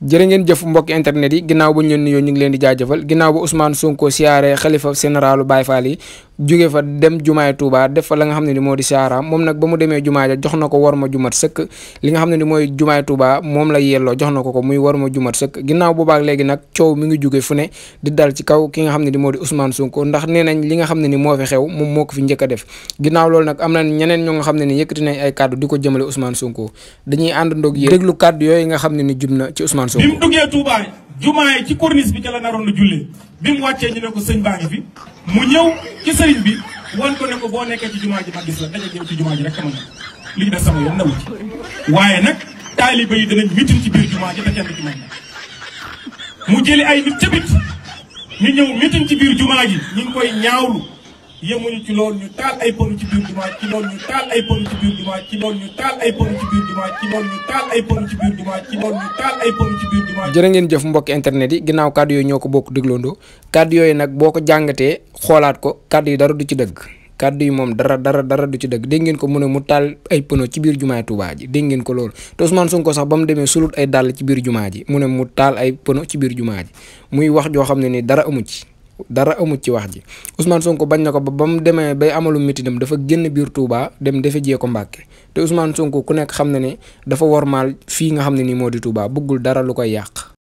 jërë ngeen jëf mbokk internet yi ginnaaw ba ñu leen nuyoo ñu ngi leen di jaajëfal ginnaaw ba Ousmane Sonko siyaare xalifa généralu Baye Fall yi juge fa dem jumaay Touba def fa la nga xam ne ni moo di siyaaraam moom nag ba mu demee jumaa ja jox na ko war ma jumat sëkk li nga xam ne ni mooy jumaay Touba moom la yelloo jox na ko ko muy war ma jumat sëkk ginnaaw boobaak léegi nag coow mi ngi jóge fu ne di dal kaw ki nga xam ne ni moo di Ousmane Sonko ndax nee nañ li nga xam ne ni moo fi xew moom moo ko fi njëkk def ginnaaw lool nag am na ñeneen ñoo nga xam ne ni yëkkati nañ ay kàddu di ko jëmale Ousmane Sonko dañuy àndandoog yi déglu kàddu yooyu nga xam ne ni jub na ci Ousmane Sonko jumaa yi ci corniche bi ca la naroon a jullee bi mu wàccee ñu ne ko sëñ baax ngi fi mu ñëw ci sëriñ bi wan ko ne ko boo nekkee ci jumaa ji ma gis la daje yow ci jumaa ji rek ka mën li ñu def sama yoon newu ci waaye nag taaliba yi danañ mitin ci biir jumaa ji te kenn ci mën mu jëli ay nit ca bit ñu ñëw mitin ci biir jumaa ji ñu ngi koy ñaawlu yemuñu ci lool ñu taal ay ci biir ci lool ñu taal ay ponu ci biir ci lool ñu taal ay ponu ci biir ci lool ñu taal ay ci biir internet yi ginnaaw ko bokk dégloondoo kàddu yooyu nag boo ko jàngatee ko kàddu yi dara du ci yi dara dara dara du ci deug de ngeen ko mu taal ay ci biir jumaa Touba ji de ngeen ko to Ousmane Sonko sax bam deme sulut ay dal ci biir jumaa ji mu ne mu taal ay pëno ci biir jumaa ji muy wax jo xamne ni dara amu ci dara amul ci wax ji Ousmane Sonko bañ na ko ba ba mu demee bay amalu dam dafa génn biir Touba dem defe jee ko Mbàkke te Ousmane Sonko ku nekk xam na ne dafa wormaal fii nga xam ne nii moo di Touba bëggul dara lu koy yàq.